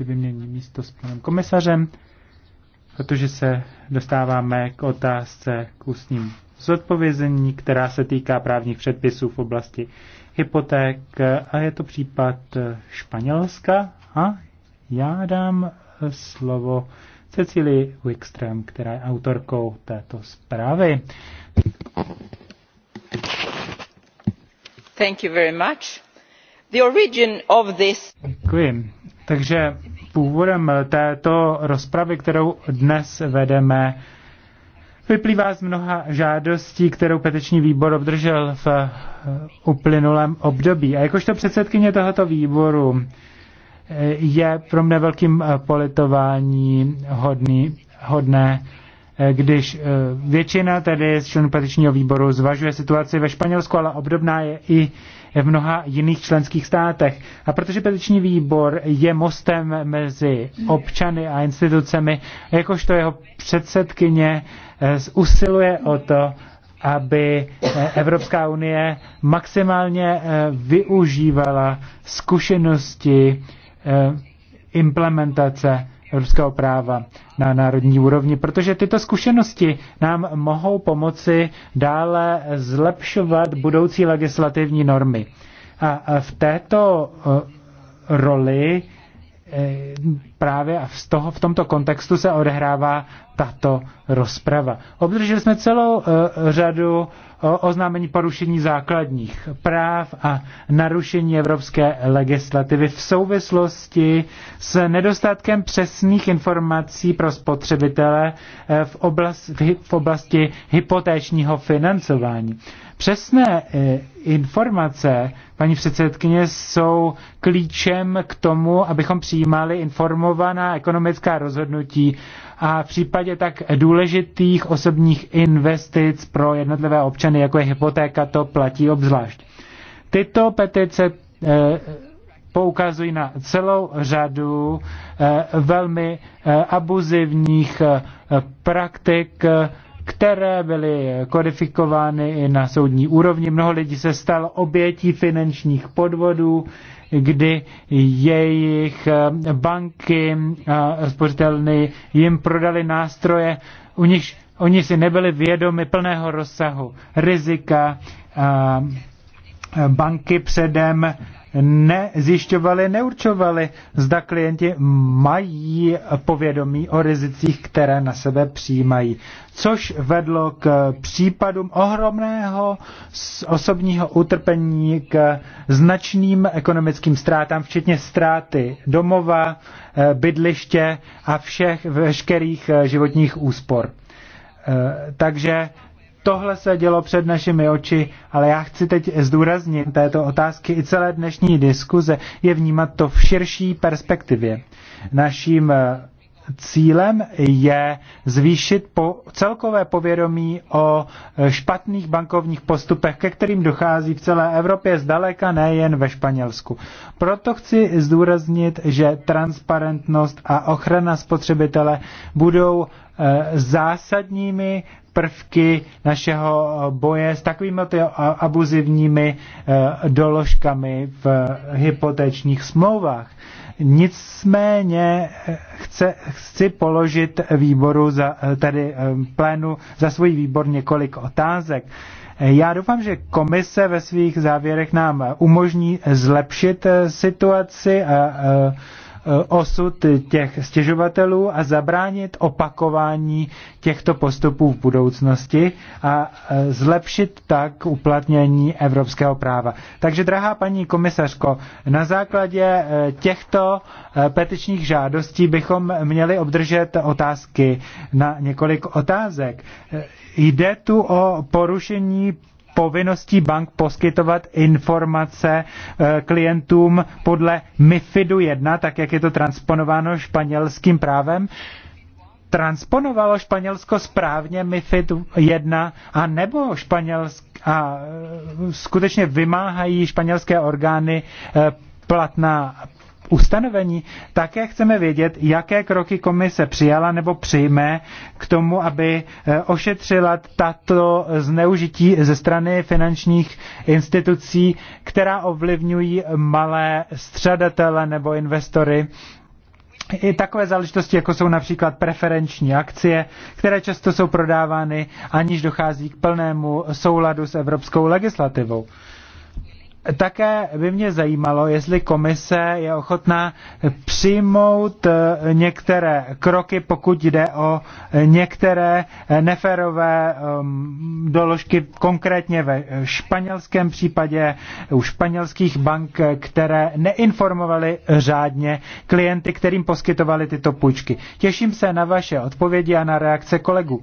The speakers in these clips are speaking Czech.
si vymění místo s panem komisařem, protože se dostáváme k otázce k ústním zodpovězení, která se týká právních předpisů v oblasti hypoték a je to případ Španělska a já dám slovo Cecily Wickström, která je autorkou této zprávy. Thank you very much. The origin of this... Děkuji. Takže původem této rozpravy, kterou dnes vedeme, vyplývá z mnoha žádostí, kterou petiční výbor obdržel v uplynulém období. A jakožto předsedkyně tohoto výboru eh, je pro mne velkým eh, politování hodný, hodné, Eh, když eh, většina tedy z členů petičního výboru zvažuje situaci ve Španělsku, ale obdobná je i v mnoha jiných členských státech. A protože petiční výbor je mostem mezi občany a institucemi, jakožto jeho předsedkyně eh, usiluje o to, aby Evropská unie maximálně využívala zkušenosti implementace evropského práva na národní úrovni, protože tyto zkušenosti nám mohou pomoci dále zlepšovat budoucí legislativní normy. A v této eh, roli eh, právě a z toho, v tomto kontextu se odehrává tato rozprava. Obdrželi jsme celou eh, řadu eh, oznámení porušení základních práv a narušení evropské legislativy v souvislosti s nedostatkem přesných informací pro spotřebitele eh, v, oblast, v oblasti hypotéčního financování. Přesné informace, paní předsedkyně, jsou klíčem k tomu, abychom přijímali informu, informovaná ekonomická rozhodnutí a v případě tak důležitých osobních investic pro jednotlivé občany, jako je hypotéka, to platí obzvlášť. Tyto petice eh, poukazují na celou řadu eh, velmi eh, abuzivních praktik, které byly kodifikovány i na soudní úrovni. Mnoho lidí se stalo obětí finančních podvodů, kdy jejich eh, banky a spořitelny jim prodali nástroje, u nich oni si nebyli vědomi plného rozsahu rizika. Eh, banky předem nezjišťovali, neurčovali, zda klienti mají povědomí o rizicích, které na sebe přijímají. Což vedlo k případům ohromného osobního utrpení, k značným ekonomickým ztrátám, včetně ztráty domova, eh, bydliště a všech veškerých eh, životních úspor. Eh, takže Tohle se dělo před našimi oči, ale já chci teď zdůraznit této otázky i celé dnešní diskuze, je vnímat to v širší perspektivě. Naším eh, cílem je zvýšit po celkové povědomí o eh, špatných bankovních postupech, ke kterým dochází v celé Evropě, zdaleka nejen ve Španělsku. Proto chci zdůraznit, že transparentnost a ochrana spotřebitele budou Eh, zásadními prvky našeho boje s takovými ty abuzivními eh, doložkami v hypotečních smlouvách. Nicméně eh, chce, chci položit výboru, za, tady plénu, za svůj výbor několik otázek. Já doufám, že komise ve svých závěrech nám umožní zlepšit situaci a, a Eh, osud těch stěžovatelů a zabránit opakování těchto postupů v budoucnosti a eh, zlepšit tak uplatnění evropského práva. Takže, drahá paní komisařko, na základě eh, těchto petičních žádostí bychom měli obdržet otázky na několik otázek. Jde tu o porušení povinností bank poskytovat informace eh, klientům podle MIFIDu 1, tak jak je to transponováno španělským právem. Transponovalo Španělsko správně MIFID 1 a nebo španělsk, a eh, skutečně vymáhají španělské orgány eh, platná ustanovení, také chceme vědět, jaké kroky komise přijala nebo přijme k tomu, aby eh, ošetřila tato zneužití ze strany finančních institucí, která ovlivňují malé střadatele nebo investory i takové záležitosti, jako jsou například preferenční akcie, které často jsou prodávány, aniž dochází k plnému souladu s evropskou legislativou. Také by mě zajímalo, jestli komise je ochotná přijmout eh, některé kroky, pokud jde o eh, některé eh, neferové ehm, doložky, konkrétně ve španělském případě u španělských bank, které neinformovaly řádně klienty, kterým poskytovali tyto půjčky. Těším se na vaše odpovědi a na reakce kolegů.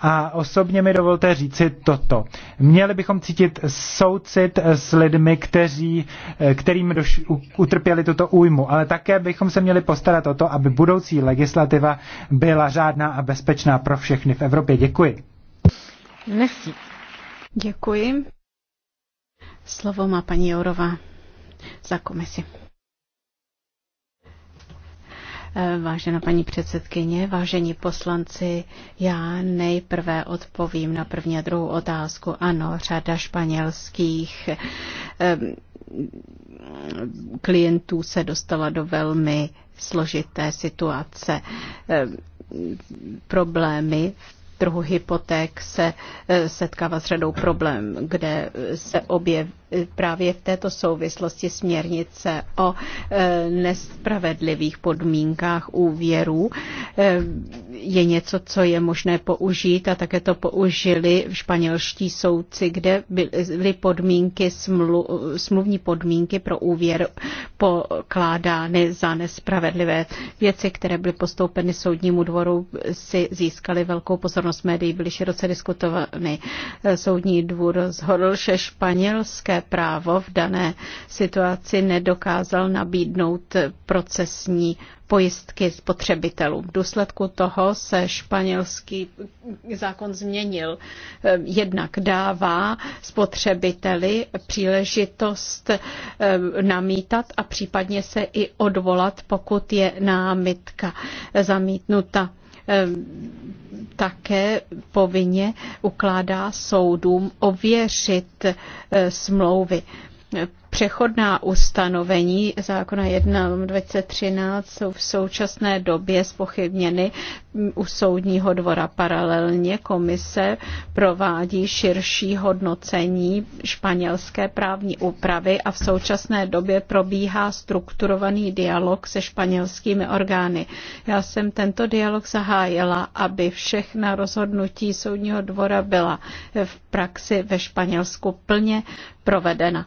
A osobně mi dovolte říci toto. Měli bychom cítit soucit s lidmi, kteří, eh, kterým doš, utrpěli tuto újmu, ale také bychom se měli postarat o to, aby budoucí legislativa byla řádná a bezpečná pro všechny v Evropě. Děkuji. Merci. Děkuji. Slovo má paní Jourová za komisi. Eh, vážená paní předsedkyně, vážení poslanci, já nejprve odpovím na první a druhou otázku. Ano, řada španělských eh, klientů se dostala do velmi složité situace. Eh, problémy v trhu hypoték se e, setkává s řadou problém, kde se objeví e, právě v této souvislosti směrnice o e, nespravedlivých podmínkách úvěrů je něco, co je možné použít a také to použili španělští soudci, kde byly podmínky, smlu, smluvní podmínky pro úvěr pokládány za nespravedlivé. Věci, které byly postoupeny soudnímu dvoru, si získaly velkou pozornost pozornost médií byly široce diskutovány. Soudní dvůr rozhodl, že španělské právo v dané situaci nedokázal nabídnout procesní pojistky spotřebitelů. V důsledku toho se španělský zákon změnil. Jednak dává spotřebiteli příležitost ehm, namítat a případně se i odvolat, pokud je námitka zamítnuta. Ehm, také povinně ukládá soudům ověřit eh, smlouvy Přechodná ustanovení zákona 1 2013 jsou v současné době spochybněny u soudního dvora. Paralelně komise provádí širší hodnocení španělské právní úpravy a v současné době probíhá strukturovaný dialog se španělskými orgány. Já jsem tento dialog zahájila, aby všechna rozhodnutí soudního dvora byla v praxi ve Španělsku plně provedena.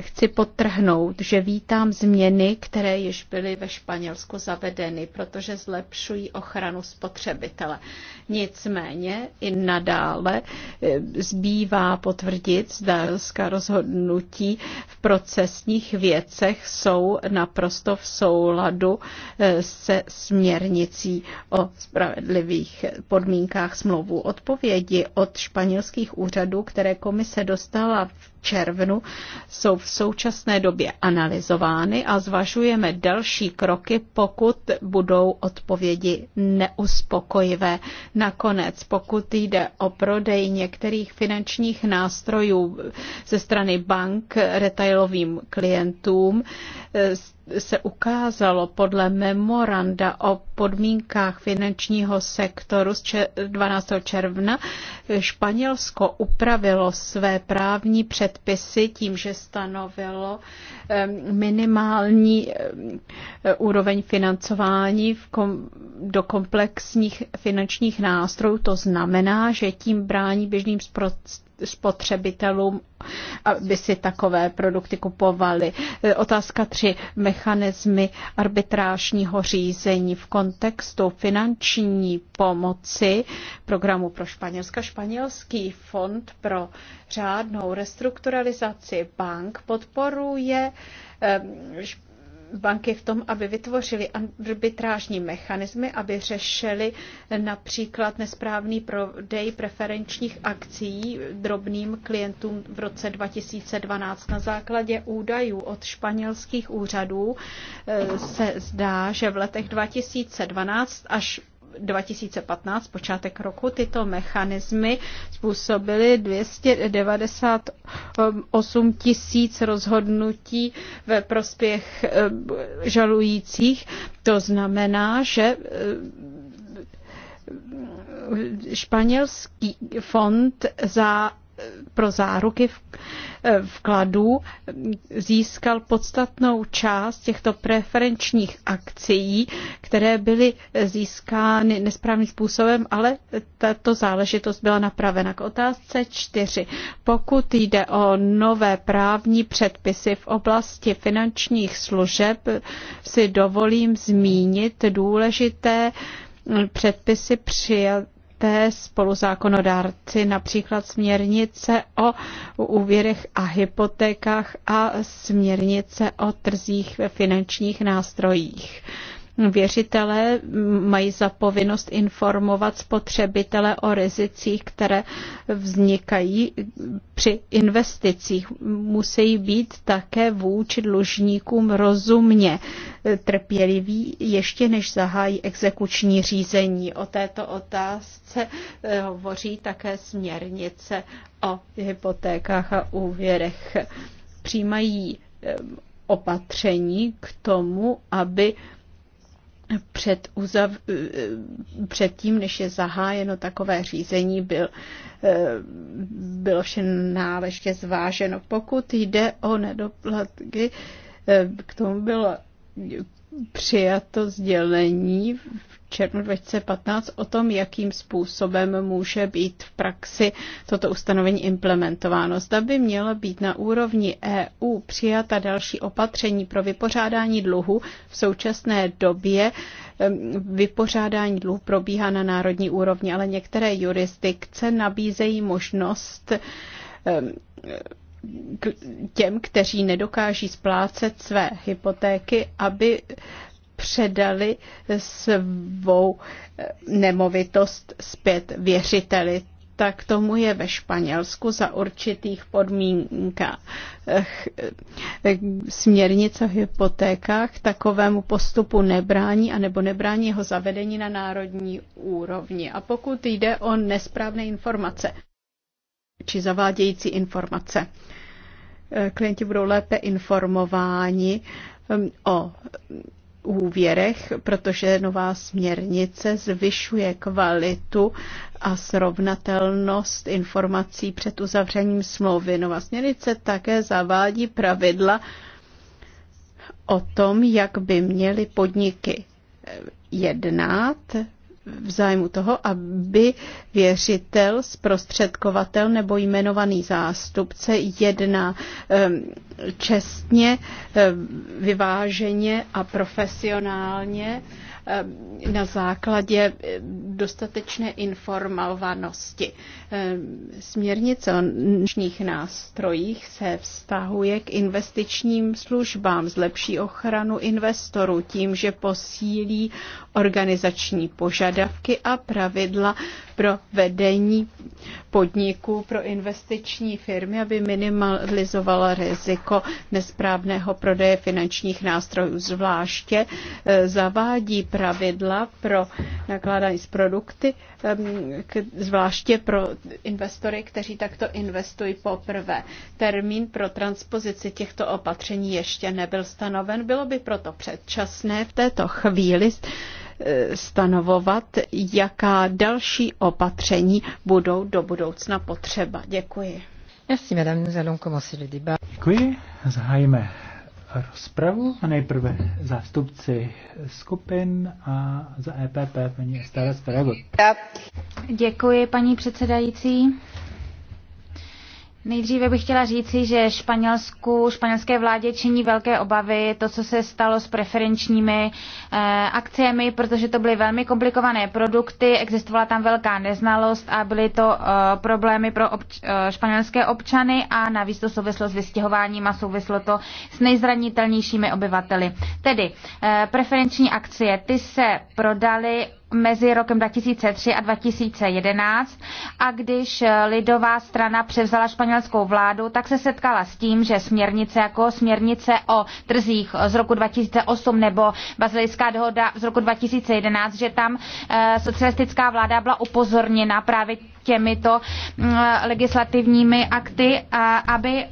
chci potrhnout, že vítám změny, které již byly ve Španělsku zavedeny, protože zlepšují ochranu spotřebitele. Nicméně i nadále eh, zbývá potvrdit, zda rozhodnutí v procesních věcech jsou naprosto v souladu eh, se směrnicí o spravedlivých podmínkách smlouvu. Odpovědi od španělských úřadů, které komise dostala v červnu, jsou jsou v současné době analyzovány a zvažujeme další kroky, pokud budou odpovědi neuspokojivé. Nakonec, pokud jde o prodej některých finančních nástrojů ze strany bank retailovým klientům, se ukázalo podle memoranda o podmínkách finančního sektoru z 12. června, Španělsko upravilo své právní předpisy tím, že stanovilo minimální úroveň financování v kom, do komplexních finančních nástrojů. To znamená, že tím brání běžným spotřebitelům, aby si takové produkty kupovali. E, otázka tři: Mechanismy arbitrážního řízení v kontextu finanční pomoci programu pro Španělska. Španělský fond pro řádnou restrukturalizaci bank podporuje e, banky v tom, aby vytvořili arbitrážní mechanismy, aby řešili například nesprávný prodej preferenčních akcí drobným klientům v roce 2012. Na základě údajů od španělských úřadů eh, se zdá, že v letech 2012 až 2015, počátek roku, tyto mechanismy způsobily 298 tisíc rozhodnutí ve prospěch eh, žalujících. To znamená, že eh, španělský fond za pro záruky eh, vkladů získal podstatnou část těchto preferenčních akcí, které byly získány nesprávným způsobem, ale tato záležitost byla napravena. K otázce čtyři. Pokud jde o nové právní předpisy v oblasti finančních služeb, si dovolím zmínit důležité předpisy přijaté spoluzákonodárci, například směrnice o úvěrech a hypotékách a směrnice o trzích ve finančních nástrojích. Věřitelé mají za povinnost informovat spotřebitele o rizicích, které vznikají při investicích. Musí být také vůči dlužníkům rozumně trpěliví, ještě než zahájí exekuční řízení. O této otázce eh, hovoří také směrnice o hypotékách a úvěrech. Přijímají eh, opatření k tomu, aby před, uzav, před tím, než je zahájeno takové řízení, byl, eh, bylo vše náležitě zváženo. Pokud jde o nedoplatky, eh, k tomu bylo přijato sdělení v červnu 2015 o tom, jakým způsobem může být v praxi toto ustanovení implementováno. Zda by mělo být na úrovni EU přijata další opatření pro vypořádání dluhu. V současné době vypořádání dluhu probíhá na národní úrovni, ale některé jurisdikce nabízejí možnost těm, kteří nedokáží splácet své hypotéky, aby předali svou eh, nemovitost zpět věřiteli tak tomu je ve Španělsku za určitých podmínkách. Eh, směrnice o hypotékách takovému postupu nebrání anebo nebrání jeho zavedení na národní úrovni. A pokud jde o nesprávné informace či zavádějící informace, eh, klienti budou lépe informováni o úvěrech, protože nová směrnice zvyšuje kvalitu a srovnatelnost informací před uzavřením smlouvy. Nová směrnice také zavádí pravidla o tom, jak by měly podniky jednat v zájmu toho, aby věřitel, zprostředkovatel nebo jmenovaný zástupce jedná čestně, vyváženě a profesionálně Eh, na základě eh, dostatečné informovanosti. Eh, směrnice o nočních nástrojích se vztahuje k investičním službám, zlepší ochranu investorů tím, že posílí organizační požadavky a pravidla pro vedení podniků, pro investiční firmy, aby minimalizovala riziko nesprávného prodeje finančních nástrojů. Zvláště eh, zavádí pravidla pro nakládání s produkty, ehm, zvláště pro investory, kteří takto investují poprvé. Termín pro transpozici těchto opatření ještě nebyl stanoven, bylo by proto předčasné v této chvíli Eh, stanovovat, jaká další opatření budou do budoucna potřeba. Děkuji. Merci, madame. Nous allons commencer le débat. Děkuji. Zahájíme rozpravu. Nejprve zástupci skupin a za EPP paní Estara Starego. Děkuji, paní předsedající. Nejdříve bych chtěla říci, že Španělsku, španělské vládě činí velké obavy to, co se stalo s preferenčními eh, akcemi, protože to byly velmi komplikované produkty, existovala tam velká neznalost a byly to eh, problémy pro obč- eh, španělské občany a navíc to souvislo s vystěhováním a souvislo to s nejzranitelnějšími obyvateli. Tedy eh, preferenční akcie, ty se prodaly mezi rokem 2003 a 2011 a když lidová strana převzala španělskou vládu, tak se setkala s tím, že směrnice jako směrnice o trzích z roku 2008 nebo bazilická dohoda z roku 2011, že tam eh, socialistická vláda byla upozorněna právě těmito mm, legislativními akty, a aby e,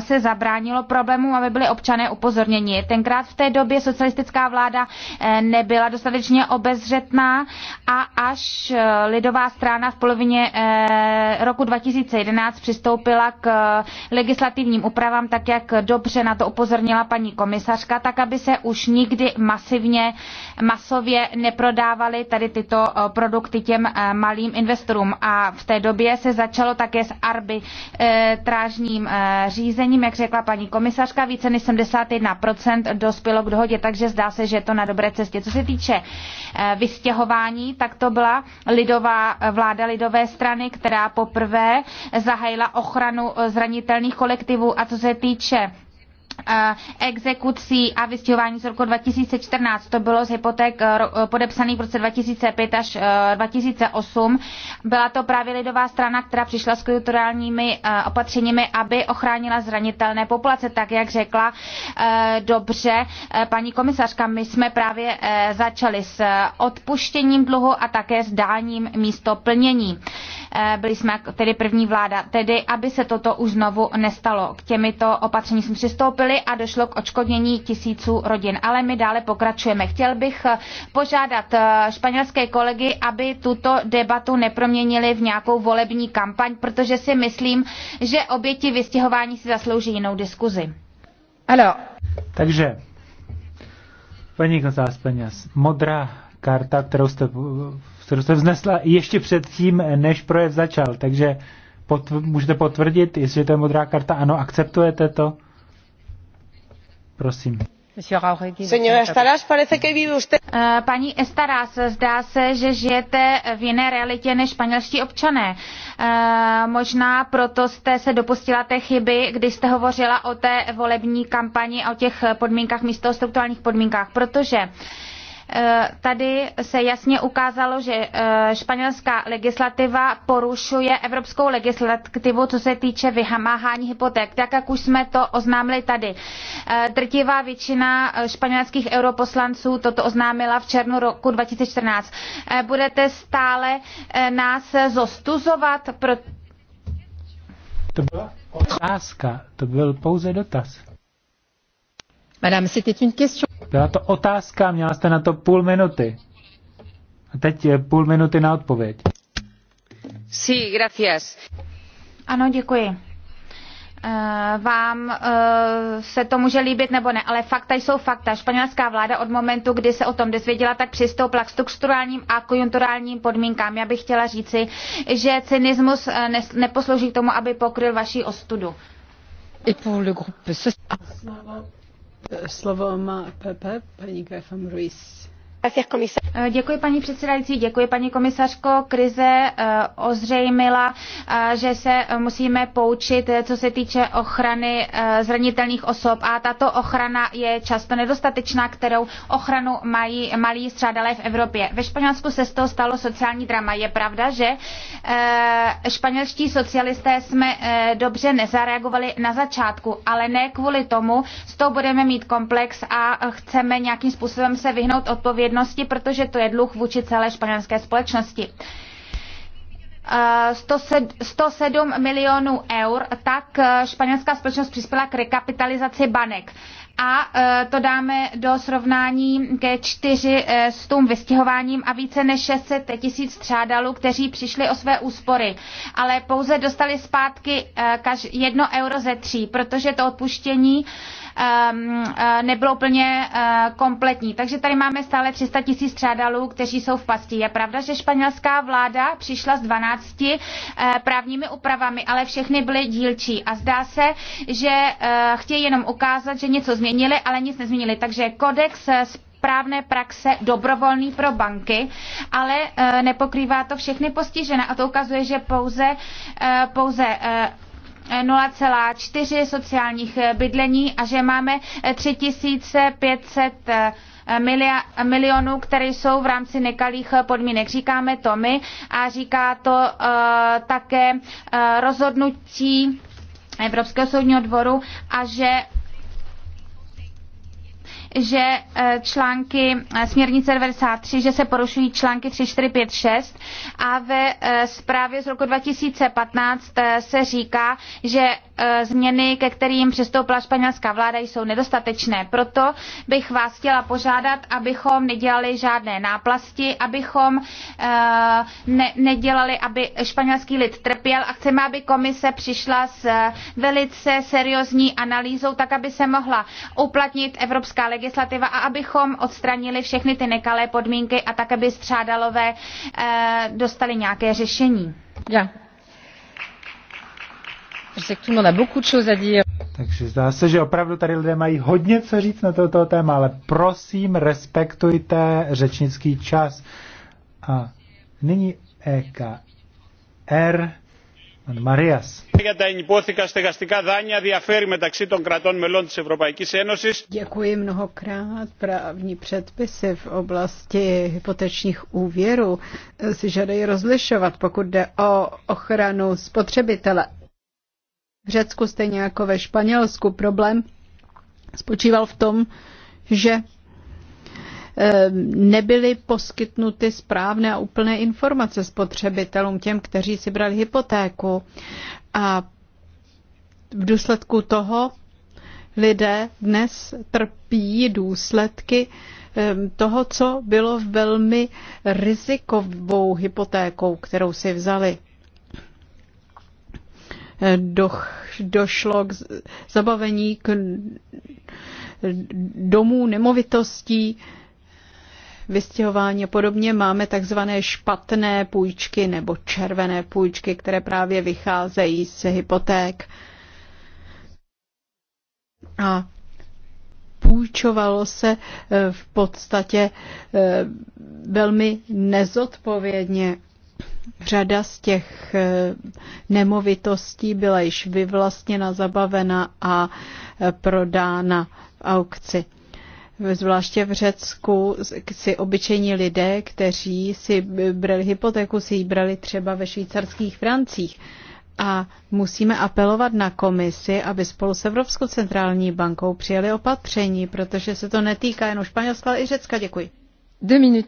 se zabránilo problému, aby byli občané upozorněni. Tenkrát v té době socialistická vláda e, nebyla dostatečně obezřetná a až e, lidová strana v polovině roku 2011 přistoupila k legislativním úpravám, tak jak dobře na to upozornila paní komisařka, tak aby se už nikdy masivně, masově neprodávaly tady tyto produkty těm malým investorům. A v té době se začalo také s arbitrážním eh, řízením, jak řekla paní komisařka, více než 71% dospělo k dohodě, takže zdá se, že je to na dobré cestě. Co se týče eh, vystěhování, tak to byla lidová eh, vláda lidové strany, která poprvé zahájila ochranu zranitelných kolektivů a co se týče exekucí a vystěhování z roku 2014. To bylo z hypoték eh, eh, podepsaných v roce 2005 až 2008. Eh, Byla to právě lidová strana, která přišla s kulturálními opatřeními, aby ochránila zranitelné populace. Tak, jak řekla dobře paní komisařka, my jsme právě začali s odpuštěním dluhu a také s dáním místo plnění. Byli jsme jako tedy první vláda, tedy aby se toto už znovu nestalo. K těmito opatření jsme přistoupili podíleli a došlo k očkodnění tisíců rodin. Ale my dále pokračujeme. Chtěl bych eh, požádat eh, španělské kolegy, aby tuto debatu neproměnili v nějakou volební kampaň, protože si myslím, že oběti vystěhování si zaslouží jinou diskuzi. Ano. Takže, paní González Peněz, modrá karta, kterou jste, kterou jste vznesla ještě předtím, než projev začal. Takže potv- můžete potvrdit, jestli to je modrá karta, ano, akceptujete to? Prosím. Eh, paní Estaras, zdá se, že žijete v jiné realitě než španělští občané. Eh, možná proto jste se dopustila té chyby, když jste hovořila o té volební kampani a o těch podmínkách místo o strukturálních podmínkách, protože Eh, tady se jasně ukázalo, že eh, španělská legislativa porušuje evropskou legislativu, co se týče vymáhání hypoték. Tak, jak už jsme to oznámili tady. Eh, drtivá většina španělských europoslanců toto oznámila v červnu roku 2014. Budete stále nás zostuzovat? Pro... To byla otázka, to byl pouze dotaz. Madame, c'était une question. Byla to otázka, měla jste na to půl minuty. A teď je půl minuty na odpověď. Sí, gracias. Ano, děkuji. Eh, vám eh, se to může líbit nebo ne, ale fakta jsou fakta. Španělská vláda od momentu, kdy se o tom dozvěděla, tak přistoupila k strukturálním a konjunkturálním podmínkám. Já bych chtěla říci, že cynismus eh, neposlouží k tomu, aby pokryl vaši ostudu. A slovo, Slovo má PP, paní Grefam Ruiz. Eh, děkuji paní předsedající, děkuji paní komisařko. Krize eh, ozřejmila, eh, že se musíme poučit, co se týče ochrany zranitelných osob a tato ochrana je často nedostatečná, kterou ochranu mají malí střádalé v Evropě. Ve Španělsku se z toho stalo sociální drama. Je pravda, že španělští socialisté jsme dobře nezareagovali na začátku, ale ne kvůli tomu, s tou budeme mít komplex a chceme nějakým způsobem se vyhnout odpovědi odpovědnosti, protože to je dluh vůči celé španělské společnosti. 107 eh, milionů eur, tak eh, španělská společnost přispěla k rekapitalizaci banek. A eh, to dáme do srovnání ke 400 vystěhováním a více než 600 tisíc střádalů, kteří přišli o své úspory. Ale pouze dostali zpátky jedno euro ze tří, protože to odpuštění Ehm, eh, nebylo plně eh, kompletní. Takže tady máme stále 300 tisíc střádalů, kteří jsou v pasti. Je pravda, že španělská vláda přišla s 12 eh, právními úpravami, ale všechny byly dílčí a zdá se, že chtějí jenom ukázat, že něco změnili, ale nic nezměnili. Takže kodex právné praxe dobrovolný pro banky, ale nepokrývá to všechny postižené a to ukazuje, že pouze, pouze 0,4 sociálních eh, bydlení a že máme 3500 eh, eh, milionů, které jsou v rámci nekalých podmínek. Říkáme to my a říká to uh, také uh, rozhodnutí Evropského soudního dvoru a že že e, články e, směrnice 93, že se porušují články 3, 4, 5, 6 a ve e, zprávě z roku 2015 se říká, že Eh, změny, ke kterým přistoupila španělská vláda, jsou nedostatečné. Proto bych vás chtěla požádat, abychom nedělali žádné náplasti, abychom eh, ne, nedělali, aby španělský lid trpěl a chceme, aby komise přišla s eh, velice seriózní analýzou, tak aby se mohla uplatnit evropská legislativa a abychom odstranili všechny ty nekalé podmínky a tak, aby střádalové dostali nějaké řešení. Yeah. Takže zdá se, že opravdu tady lidé mají hodně co říct na toto téma, ale prosím, respektujte řečnický čas. A nyní EKR. Marias. Děkuji mnohokrát. Právní předpisy v oblasti hypotečních úvěrů si žádají rozlišovat, pokud jde o ochranu spotřebitele v Řecku, stejně jako ve Španělsku. Problém spočíval v tom, že eh, nebyly poskytnuty správné a úplné informace spotřebitelům, těm, kteří si brali hypotéku. A v důsledku toho lidé dnes trpí důsledky eh, toho, co bylo velmi rizikovou hypotékou, kterou si vzali do, došlo k zabavení k domů, nemovitostí, vystěhování a podobně. Máme takzvané špatné půjčky nebo červené půjčky, které právě vycházejí z hypoték. A půjčovalo se eh, v podstatě eh, velmi nezodpovědně Řada z těch eh, nemovitostí byla již vyvlastněna, zabavena a eh, prodána v aukci zvláště v Řecku, si obyčejní lidé, kteří si brali hypotéku, si ji brali třeba ve švýcarských francích. A musíme apelovat na komisi, aby spolu s Evropskou centrální bankou přijeli opatření, protože se to netýká jenom Španělska, ale i Řecka. Děkuji. E.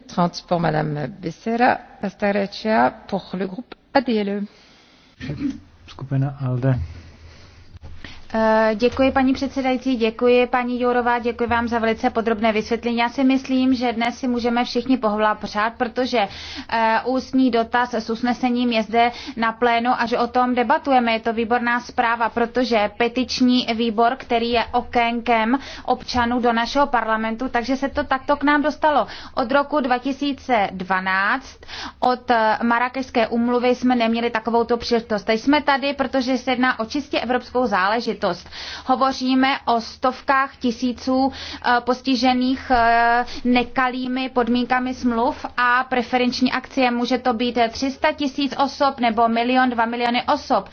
Skupina ALDE. Eh, děkuji paní předsedající, děkuji paní Jourová, děkuji vám za velice podrobné vysvětlení. Já si myslím, že dnes si můžeme všichni pořád, protože eh, ústní dotaz s usnesením je zde na plénu a že o tom debatujeme. Je to výborná zpráva, protože petiční výbor, který je okénkem občanů do našeho parlamentu, takže se to takto k nám dostalo. Od roku 2012, od eh, Marrakešské umluvy jsme neměli takovouto příležitost. Teď jsme tady, protože se jedná o čistě evropskou záležitost záležitost. Hovoříme o stovkách tisíců eh, postižených eh, nekalými podmínkami smluv a preferenční akcie. Může to být 300 tisíc osob nebo milion, dva miliony osob.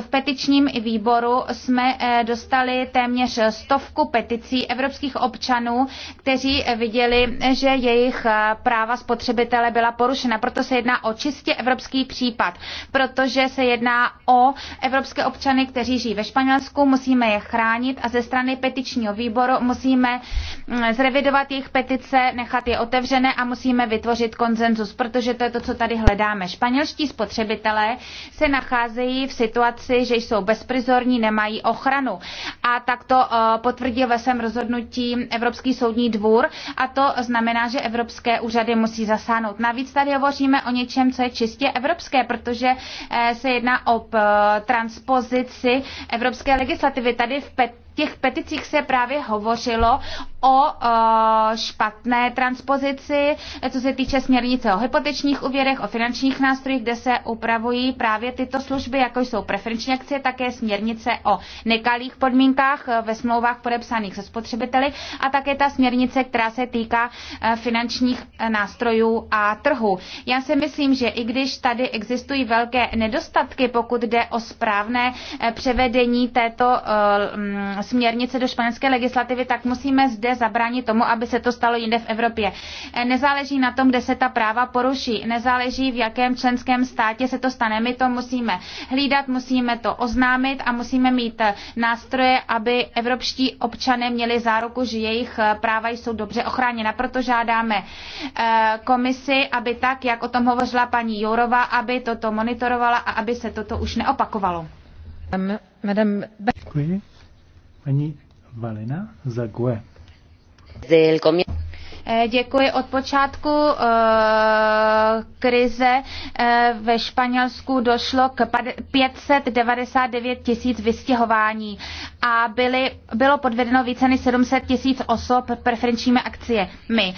V petičním výboru jsme eh, dostali téměř stovku peticí evropských občanů, kteří viděli, že jejich eh, práva spotřebitele byla porušena. Proto se jedná o čistě evropský případ, protože se jedná o evropské občany, kteří žijí ve Španělsku, musíme je chránit a ze strany petičního výboru musíme mm, zrevidovat jejich petice, nechat je otevřené a musíme vytvořit konsenzus, protože to je to, co tady hledáme. Španělští spotřebitelé se nacházejí v situaci, situaci, že jsou bezprizorní, nemají ochranu. A tak to eh, potvrdil ve svém rozhodnutí Evropský soudní dvůr a to znamená, že evropské úřady musí zasáhnout. Navíc tady hovoříme o něčem, co je čistě evropské, protože eh, se jedná o eh, transpozici evropské legislativy. Tady v pet těch peticích se právě hovořilo o špatné transpozici, co se týče směrnice o hypotečních úvěrech, o finančních nástrojích, kde se upravují právě tyto služby, jako jsou preferenční akcie, také směrnice o nekalých podmínkách e, ve smlouvách podepsaných se spotřebiteli a také ta směrnice, která se týká e, finančních e, nástrojů a trhu. Já si myslím, že i když tady existují velké nedostatky, pokud jde o správné převedení této směrnice do španělské legislativy, tak musíme zde zabránit tomu, aby se to stalo jinde v Evropě. Eh, nezáleží na tom, kde se ta práva poruší, nezáleží v jakém členském státě se to stane. My to musíme hlídat, musíme to oznámit a musíme mít eh, nástroje, aby evropští občané měli záruku, že jejich eh, práva jsou dobře ochráněna. Proto žádáme komisi, aby tak, jak o tom hovořila paní Jourova, aby toto monitorovala a aby se toto už neopakovalo. Madame... Děkuji. Paní Valina Zague. Eh, děkuji. Od počátku eh, krize eh, ve Španělsku došlo k 599 tisíc vystěhování a byly, bylo podvedeno více než 700 tisíc osob preferenčními akciemi.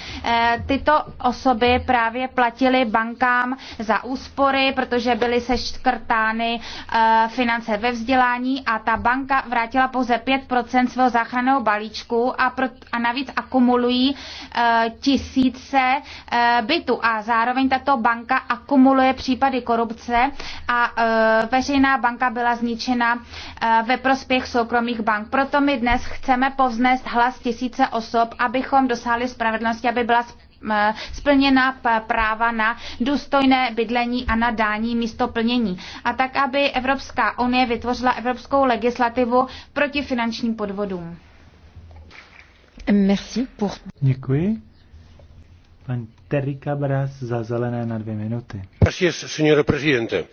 Tyto osoby právě platily bankám za úspory, protože byly seškrtány finance ve vzdělání a ta banka vrátila pouze 5% svého záchranného balíčku a, pro, a navíc akumulují uh, tisíce eh, bytů a zároveň tato banka akumuluje případy korupce a eh, veřejná banka byla zničena eh, ve prospěch soukromých bank. Proto my dnes chceme povznést hlas tisíce osob, abychom dosáhli spravedlnosti, aby byla splněna práva na důstojné bydlení a na dání místo plnění. A tak, aby Evropská unie vytvořila evropskou legislativu proti finančním podvodům. Merci pour... Děkuji. Pan Terry Cabras za zelené na dvě minuty. Gracias, señor presidente.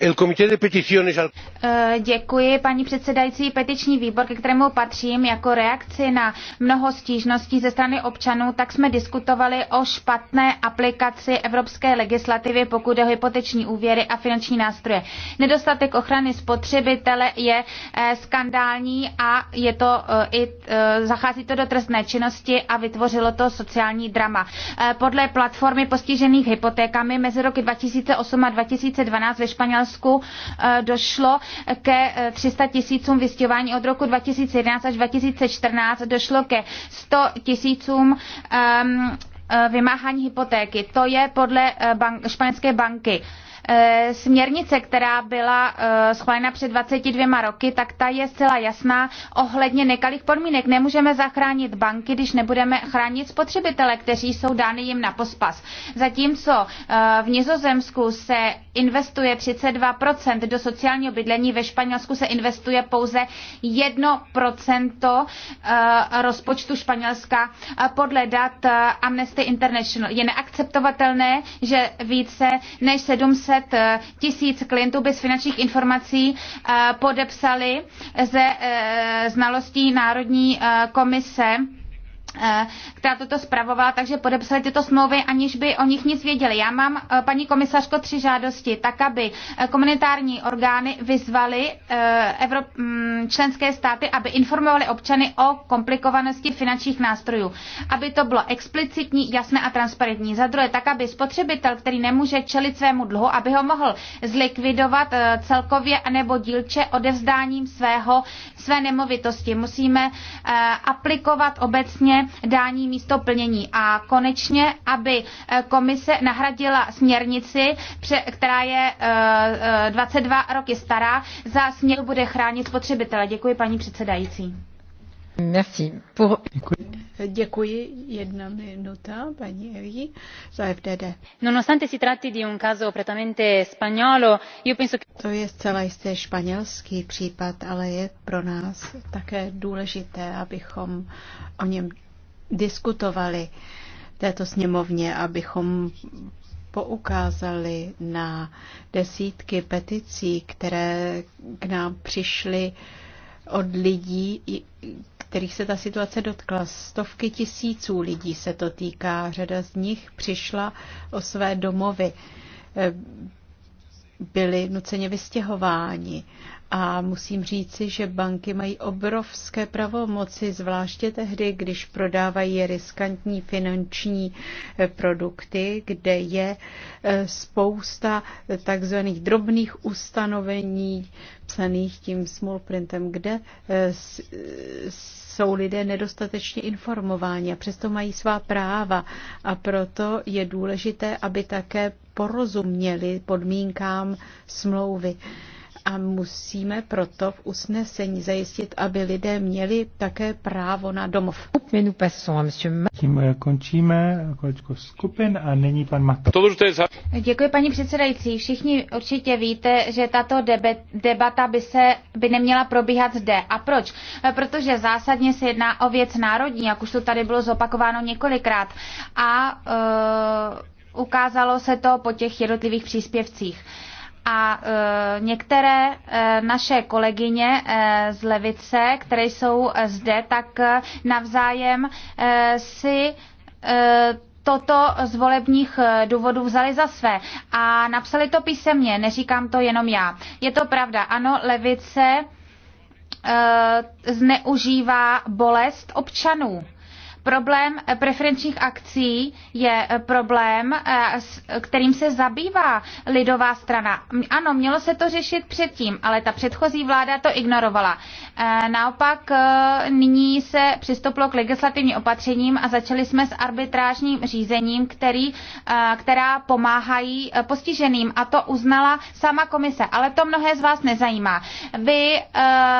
Eh, děkuji, paní předsedající. Petiční výbor, ke kterému patřím, jako reakci na mnoho stížností ze strany občanů, tak jsme diskutovali o špatné aplikaci evropské legislativy, pokud jde o hypoteční úvěry a finanční nástroje. Nedostatek ochrany spotřebitele je eh, skandální a je to eh, i, zachází to do trestné činnosti a vytvořilo to sociální drama. Podle platformy postižených hypotékami mezi roky 2008 a 2012 ve Španělsku Španělsku eh, došlo ke 300 eh, tisícům vystěhování od roku 2011 až 2014, došlo ke 100 tisícům ehm, eh, vymáhání hypotéky. To je podle bank, španělské banky. Eh, směrnice, která byla eh, schválena před 22 roky, tak ta je zcela jasná ohledně nekalých podmínek. Nemůžeme zachránit banky, když nebudeme chránit spotřebitele, kteří jsou dány jim na pospas. Zatímco eh, v Nizozemsku se investuje 32% do sociálního bydlení, ve Španělsku se investuje pouze 1% rozpočtu Španělska. Podle dat Amnesty International je neakceptovatelné, že více než 700 20 eh, tisíc klientů bez finančních informací eh, podepsali ze eh, znalostí Národní komise Eh, která toto zpravovala, takže podepsali tyto smlouvy, aniž by o nich nic věděli. Já mám, eh, paní komisařko, tři žádosti, tak aby eh, komunitární orgány vyzvaly mm, členské státy, aby informovali občany o komplikovanosti finančních nástrojů. Aby to bylo explicitní, jasné a transparentní. Za druhé, tak aby spotřebitel, který nemůže čelit svému dluhu, aby ho mohl zlikvidovat celkově anebo dílče odevzdáním svého, své nemovitosti. Musíme aplikovat obecně dání místo plnění. A konečně, aby eh, komise nahradila směrnici, která je 22 eh, eh, roky stará, za směr bude chránit spotřebitele. Děkuji, paní předsedající. Merci. Pour... Děkuji. Děkuji. Jedna minuta, paní Evi, za FDD. Nonostante si tratti di un caso prettamente spagnolo, io penso che... To je zcela jistě španělský případ, ale je pro nás také důležité, abychom o něm diskutovali této sněmovně, abychom poukázali na desítky peticí, které k nám přišly od lidí, kterých se ta situace dotkla. Stovky tisíců lidí se to týká. Řada z nich přišla o své domovy byli nuceně vystěhováni a musím říci, že banky mají obrovské pravomoci, zvláště tehdy, když prodávají riskantní finanční eh, produkty, kde je eh, spousta takzvaných drobných ustanovení psaných tím small printem, kde eh, jsou lidé nedostatečně informováni a přesto mají svá práva. A proto je důležité, aby také porozuměli podmínkám smlouvy a musíme proto v usnesení zajistit, aby lidé měli také právo na domov. Tím eh, končíme kolečko skupin a nyní pan Mato. Děkuji paní předsedající. Všichni určitě víte, že tato debata by, se, by neměla probíhat zde. A proč? Eh, protože zásadně se jedná o věc národní, jak už to tady bylo zopakováno několikrát. A uh, ukázalo se to po těch jednotlivých příspěvcích a e, některé e, naše kolegyně e, z levice, které jsou zde, tak navzájem si toto z volebních důvodů vzali za své a napsali to písemně, neříkám to jenom já. Je to pravda, ano, levice zneužívá bolest občanů Problém preferenčních akcí je problém, eh, kterým se zabývá lidová strana. Ano, mělo se to řešit předtím, ale ta předchozí vláda to ignorovala. Eh, naopak eh, nyní se přistoupilo k legislativním opatřením a začali jsme s arbitrážním řízením, který, která pomáhají postiženým a to uznala sama komise. Ale to mnohé z vás nezajímá. Vy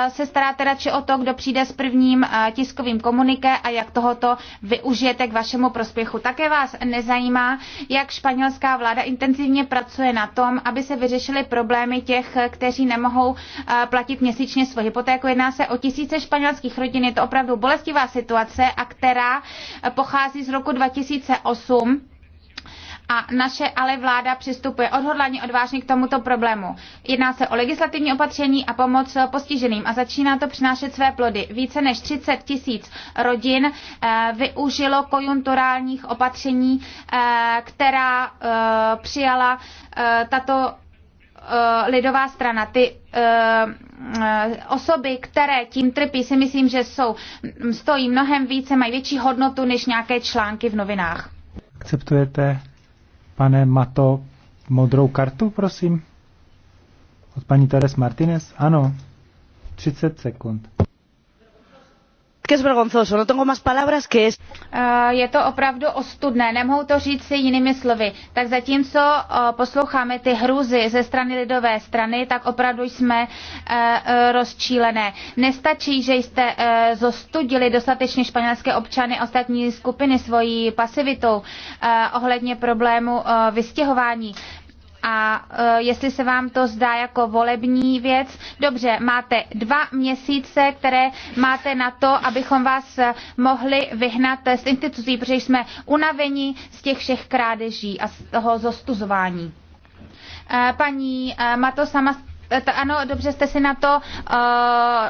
se staráte radši o to, kdo přijde s prvním tiskovým komuniké a jak tohoto využijete k vašemu prospěchu. Také vás nezajímá, jak španělská vláda intenzivně pracuje na tom, aby se vyřešily problémy těch, kteří nemohou eh, platit měsíčně svou hypotéku. Jedná se o tisíce španělských rodin, je to opravdu bolestivá situace a která eh, pochází z roku 2008 a naše ale vláda přistupuje odhodlaně odvážně k tomuto problému. Jedná se o legislativní opatření a pomoc postiženým a začíná to přinášet své plody. Více než 30 tisíc rodin eh, využilo konjunkturálních opatření, eh, která eh, přijala tato lidová strana, ty osoby, které tím trpí, si myslím, že jsou, stojí mnohem více, mají větší hodnotu než nějaké články v novinách. Akceptujete Pane Mato, modrou kartu, prosím? Od paní Teres Martinez? Ano. 30 sekund. No eh, je to opravdu ostudné, nemohu to říct si jinými slovy. Tak zatímco eh, posloucháme ty hrůzy ze strany lidové strany, tak opravdu jsme eh, rozčílené. Nestačí, že jste zostudili dostatečně španělské občany ostatní skupiny svojí pasivitou ohledně problému vystěhování a eh, jestli se vám to zdá jako volební věc, dobře, máte dva měsíce, které máte na to, abychom vás eh, mohli vyhnat z institucí, protože jsme unaveni z těch všech krádeží a z toho zostuzování. Eh, paní Mato sama Eh, to, ano, dobře jste si na to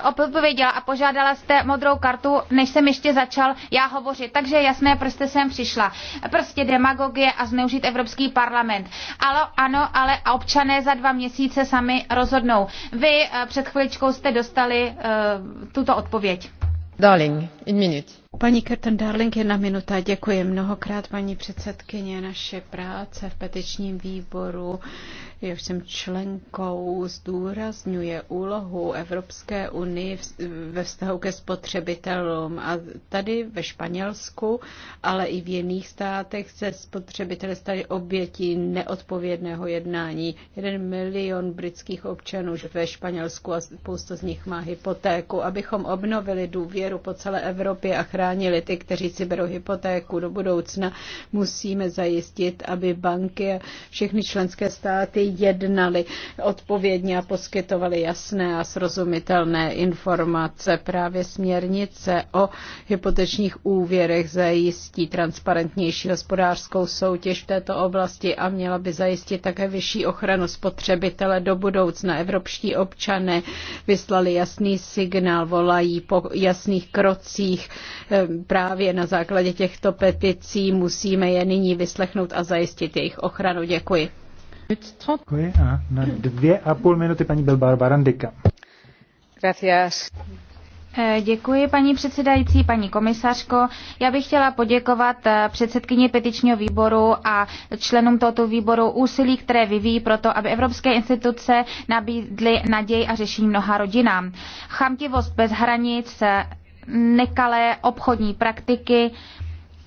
uh, odpověděla a požádala jste modrou kartu, než jsem ještě začal já hovořit. Takže jasné, proč jste sem přišla. Prostě demagogie a zneužít Evropský parlament. Ale, ano, ale občané za dva měsíce sami rozhodnou. Vy uh, před chviličkou jste dostali uh, tuto odpověď. Darling, in minute. Paní Kerten Darling, jedna minuta. Děkuji mnohokrát, paní předsedkyně. Naše práce v petičním výboru, jehož jsem členkou, zdůrazňuje úlohu Evropské unie ve vztahu ke spotřebitelům. A tady ve Španělsku, ale i v jiných státech se spotřebitelé stali obětí neodpovědného jednání. Jeden milion britských občanů ve Španělsku a spousta z nich má hypotéku. Abychom obnovili důvěru po celé Evropě a chránili zachránili ty, kteří si berou hypotéku do budoucna. Musíme zajistit, aby banky a všechny členské státy jednali odpovědně a poskytovali jasné a srozumitelné informace. Právě směrnice o hypotečních úvěrech zajistí transparentnější hospodářskou soutěž v této oblasti a měla by zajistit také vyšší ochranu spotřebitele do budoucna. Evropští občané vyslali jasný signál, volají po jasných krocích Právě na základě těchto peticí musíme je nyní vyslechnout a zajistit jejich ochranu. Děkuji. Děkuji a na dvě a půl minuty paní Bilbar Barandika. Gracias. Eh, děkuji, paní předsedající, paní komisařko. Já bych chtěla poděkovat eh, předsedkyni petičního výboru a členům tohoto výboru úsilí, které vyvíjí proto, aby evropské instituce nabídly naději a řešení mnoha rodinám. Chamtivost bez hranic eh, nekalé obchodní praktiky,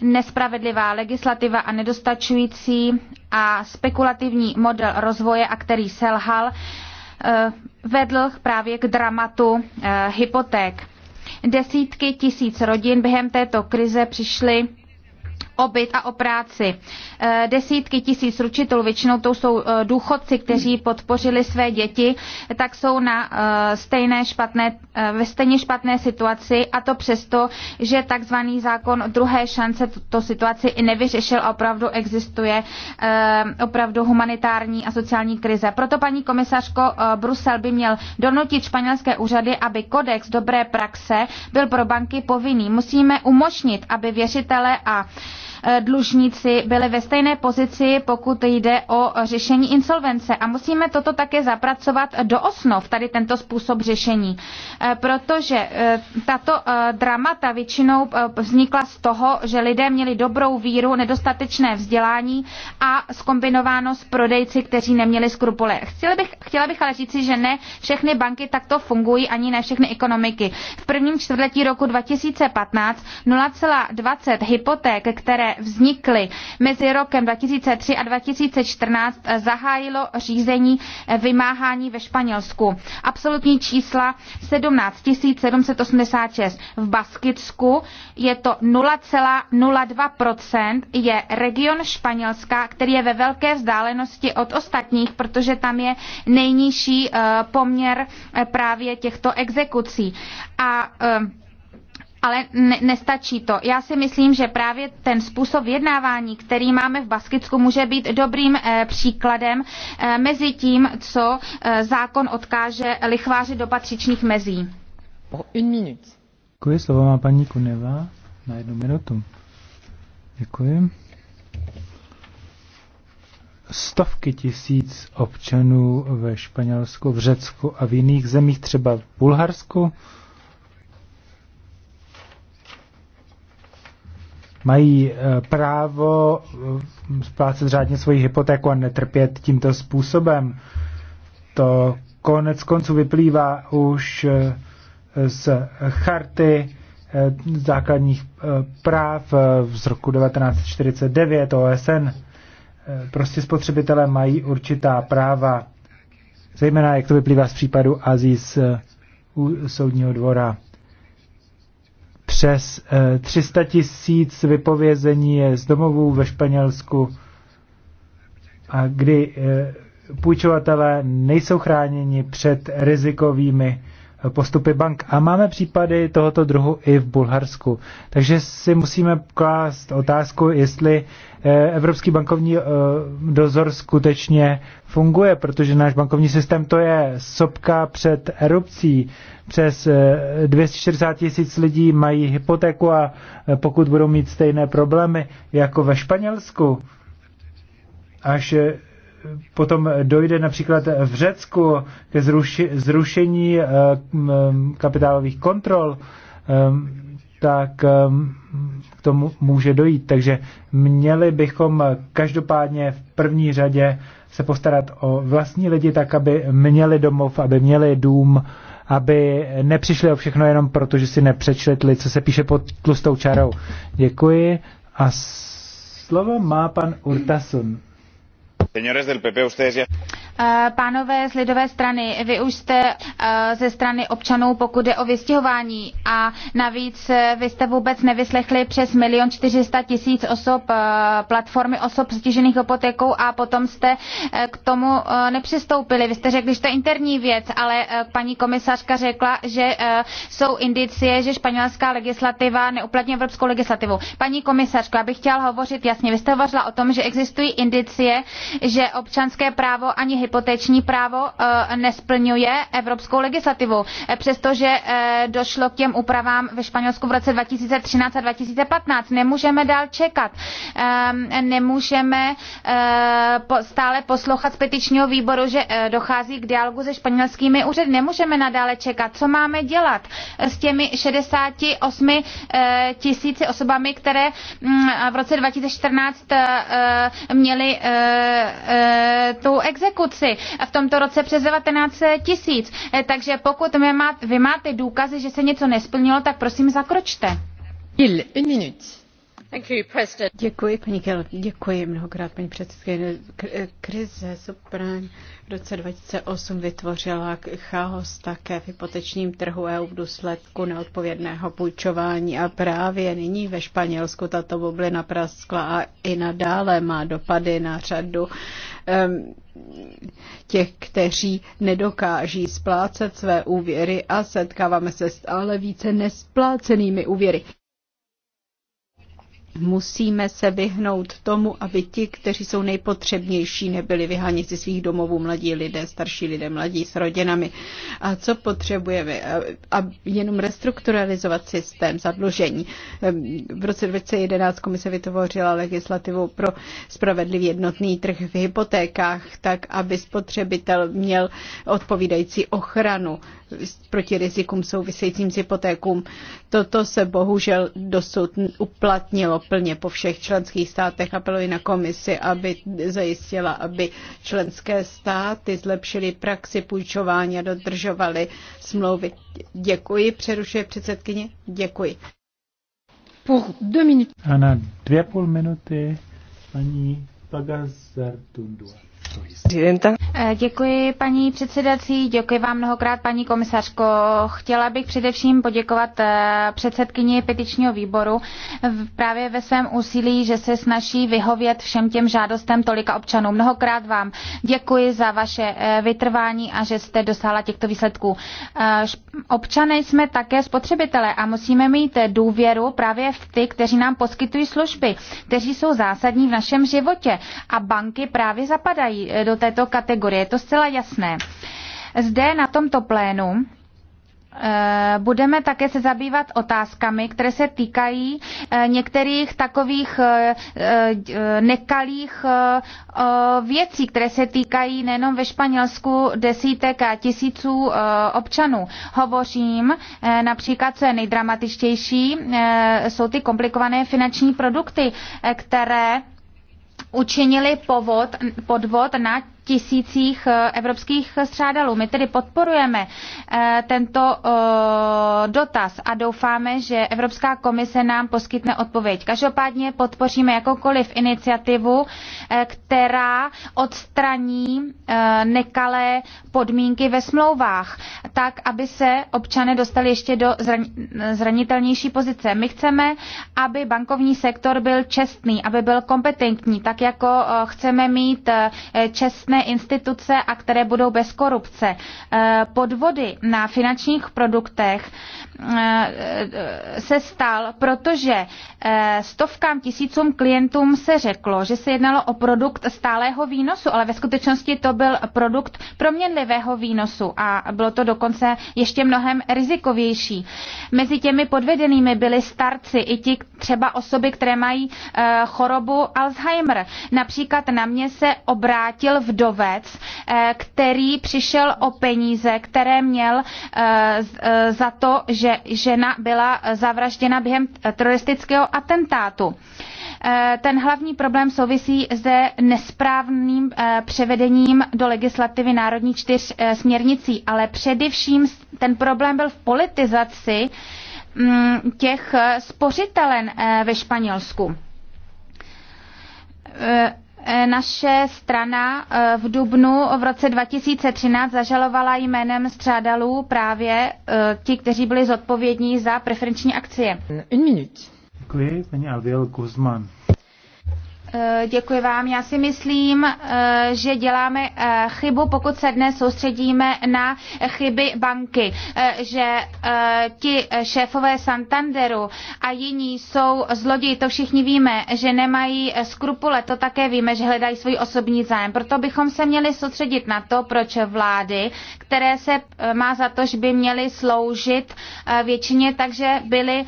nespravedlivá legislativa a nedostačující a spekulativní model rozvoje, a který selhal, eh, vedl právě k dramatu eh, hypoték. Desítky tisíc rodin během této krize přišly byt a o práci. Eh, desítky tisíc ručitelů, většinou to jsou eh, důchodci, kteří podpořili své děti, tak jsou na eh, stejné špatné, ve stejně špatné situaci a to přesto, že takzvaný zákon druhé šance tuto situaci i nevyřešil a opravdu existuje opravdu humanitární a sociální krize. Proto, paní komisařko, Brusel by měl donutit španělské úřady, aby kodex dobré praxe byl pro banky povinný. Musíme umožnit, aby věřitele a Eh, dlužníci byli ve stejné pozici, pokud jde o řešení insolvence. A musíme toto také zapracovat do osnov, tady tento způsob řešení. Eh, protože eh, tato dramata většinou vznikla z toho, že lidé měli dobrou víru, nedostatečné vzdělání a skombinováno s prodejci, kteří neměli skrupule. Chtěla bych, chtěla bych ale říci, že ne všechny banky takto fungují, ani ne všechny ekonomiky. V prvním čtvrtletí roku 2015 0,20 hypoték, které které vznikly mezi rokem 2003 a 2014, eh, zahájilo řízení eh, vymáhání ve Španělsku. Absolutní čísla 17 786 v Baskicku, je to 0,02%, je region Španělska, který je ve velké vzdálenosti od ostatních, protože tam je nejnižší eh, poměr právě těchto exekucí. A ale ne- nestačí to. Já si myslím, že právě ten způsob jednávání, který máme v Baskicku, může být dobrým eh, příkladem eh, mezi tím, co eh, zákon odkáže lichváři do patřičných mezí. Děkuji, slovo má paní Kuneva na jednu minutu. Děkuji. Stovky tisíc občanů ve Španělsku, v Řecku a v jiných zemích, třeba v Bulharsku, mají eh, právo eh, splácet řádně svoji hypotéku a netrpět tímto způsobem. To konec konců vyplývá už eh, z charty základních práv z roku 1949 OSN. Prostě spotřebitelé mají určitá práva, zejména jak to vyplývá z případu Aziz u soudního dvora přes 300 eh, tisíc vypovězení je z domovů ve Španělsku, a kdy eh, půjčovatelé nejsou chráněni před rizikovými postupy bank. A máme případy tohoto druhu i v Bulharsku. Takže si musíme klást otázku, jestli eh, Evropský bankovní eh, dozor skutečně funguje, protože náš bankovní systém to je sopka před erupcí. Přes 260 eh, tisíc lidí mají hypotéku a pokud budou mít stejné problémy jako ve Španělsku, až potom dojde například v Řecku ke zruši, zrušení eh, kapitálových kontrol, eh, tak eh, k tomu může dojít. Takže měli bychom každopádně v první řadě se postarat o vlastní lidi tak, aby měli domov, aby měli dům, aby nepřišli o všechno jenom proto, že si nepřečetli, co se píše pod tlustou čarou. Děkuji a slovo má pan Urtasun señores del ppe ustedes ya. Eh, pánové z lidové strany, vy už jste eh, ze strany občanů, pokud je o vystěhování a navíc eh, vy jste vůbec nevyslechli přes milion 400 tisíc osob platformy osob stižených hypotékou a potom jste k tomu nepřistoupili. Vy jste řekli, že to je interní věc, ale paní komisařka řekla, že jsou indicie, že španělská legislativa neuplatňuje evropskou legislativu. Paní komisařko, já bych chtěla hovořit jasně. Vy jste hovořila o tom, že existují indicie, že občanské právo ani hypoteční právo eh, nesplňuje evropskou legislativu, eh, přestože eh, došlo k těm úpravám ve Španělsku v roce 2013 a 2015. Nemůžeme dál čekat. Ehm, nemůžeme stále poslouchat z petičního výboru, že dochází k dialogu se španělskými úřady. Nemůžeme nadále čekat. Co máme dělat s těmi 68 tisíci osobami, které mm, v roce 2014 měly tu exekuci? moci a v tomto roce přes 19 tisíc. Eh, takže pokud vy máte důkazy, že se něco nesplnilo, tak prosím zakročte. Il, une minute. Děkuji, paní Kel, děkuji mnohokrát, paní předsedkyně. Eh, krize subprime v roce 2008 vytvořila chaos také v hypotečním trhu EU v důsledku neodpovědného půjčování a právě nyní ve Španělsku tato bublina praskla a i nadále má dopady na řadu um, těch, kteří nedokáží splácet své úvěry a setkáváme se stále více nesplácenými úvěry. Musíme se vyhnout tomu, aby ti, kteří jsou nejpotřebnější, nebyli vyháni ze svých domovů mladí lidé, starší lidé, mladí s rodinami. A co potřebujeme? A jenom restrukturalizovat systém zadlužení. Ehm, v roce 2011 komise vytvořila legislativu pro spravedlivý jednotný trh v hypotékách, tak aby spotřebitel měl odpovídající ochranu proti rizikům souvisejícím s hypotékům. Toto se bohužel dosud uplatnilo plně po všech členských státech. Apeluji na komisi, aby zajistila, aby členské státy zlepšily praxi půjčování a dodržovaly smlouvy. Děkuji, přerušuje předsedkyně. Děkuji. A na dvě půl minuty paní Pagazartundua. Eh, děkuji paní předsedací, děkuji vám mnohokrát paní komisařko. Chtěla bych především poděkovat eh, předsedkyni petičního výboru právě ve svém úsilí, že se snaží vyhovět všem těm žádostem tolika občanů. Mnohokrát vám děkuji za vaše eh, vytrvání a že jste dosáhla těchto výsledků. Občané jsme také spotřebitelé a musíme mít důvěru právě v ty, kteří nám poskytují služby, kteří jsou zásadní v našem životě a banky právě zapadají Eh, do této kategorie. Je to zcela jasné. Zde na tomto plénu eh, budeme také se zabývat otázkami, které se týkají eh, některých takových nekalých věcí, které se týkají nejenom ve Španělsku desítek a tisíců občanů. Hovořím například, co je nejdramatičtější, jsou ty komplikované finanční produkty, které učinili povod, podvod na tisících eh, evropských střádalů. My tedy podporujeme eh, tento eh, dotaz a doufáme, že Evropská komise nám poskytne odpověď. Každopádně podpoříme jakoukoliv iniciativu, která odstraní nekalé podmínky ve smlouvách, tak, aby se občané dostali ještě do zranitelnější pozice. My chceme, aby bankovní sektor byl čestný, aby byl kompetentní, tak jako chceme mít čestné důvěryhodné instituce a které budou bez korupce. Eh, podvody na finančních produktech eh, se stal, protože eh, stovkám tisícům klientům se řeklo, že se jednalo o produkt stálého výnosu, ale ve skutečnosti to byl produkt proměnlivého výnosu a bylo to dokonce ještě mnohem rizikovější. Mezi těmi podvedenými byli starci i ti třeba osoby, které mají chorobu Alzheimer. Například na mě se obrátil v do vdovec, eh, který přišel o peníze, které měl eh, eh, za to, že žena byla zavražděna během teroristického atentátu. Ten hlavní problém souvisí se nesprávným převedením do legislativy národních čtyř směrnicí, ale především ten problém byl v politizaci mm, těch spořitelen ve Španělsku Eh, naše strana eh, v Dubnu v roce 2013 zažalovala jménem střádalů právě eh, ti, kteří byli zodpovědní za preferenční akcie. Děkuji, paní Adiel Guzman. Eh, děkuji vám. Já si myslím, eh, že děláme eh, chybu, pokud se dnes soustředíme na chyby banky, že ti šéfové Santanderu a jiní jsou zloději, to všichni víme, že nemají skrupule, to také víme, že hledají svůj osobní zájem. Proto bychom se měli soustředit na to, proč vlády, které se má za to, že by měly sloužit většině, takže byly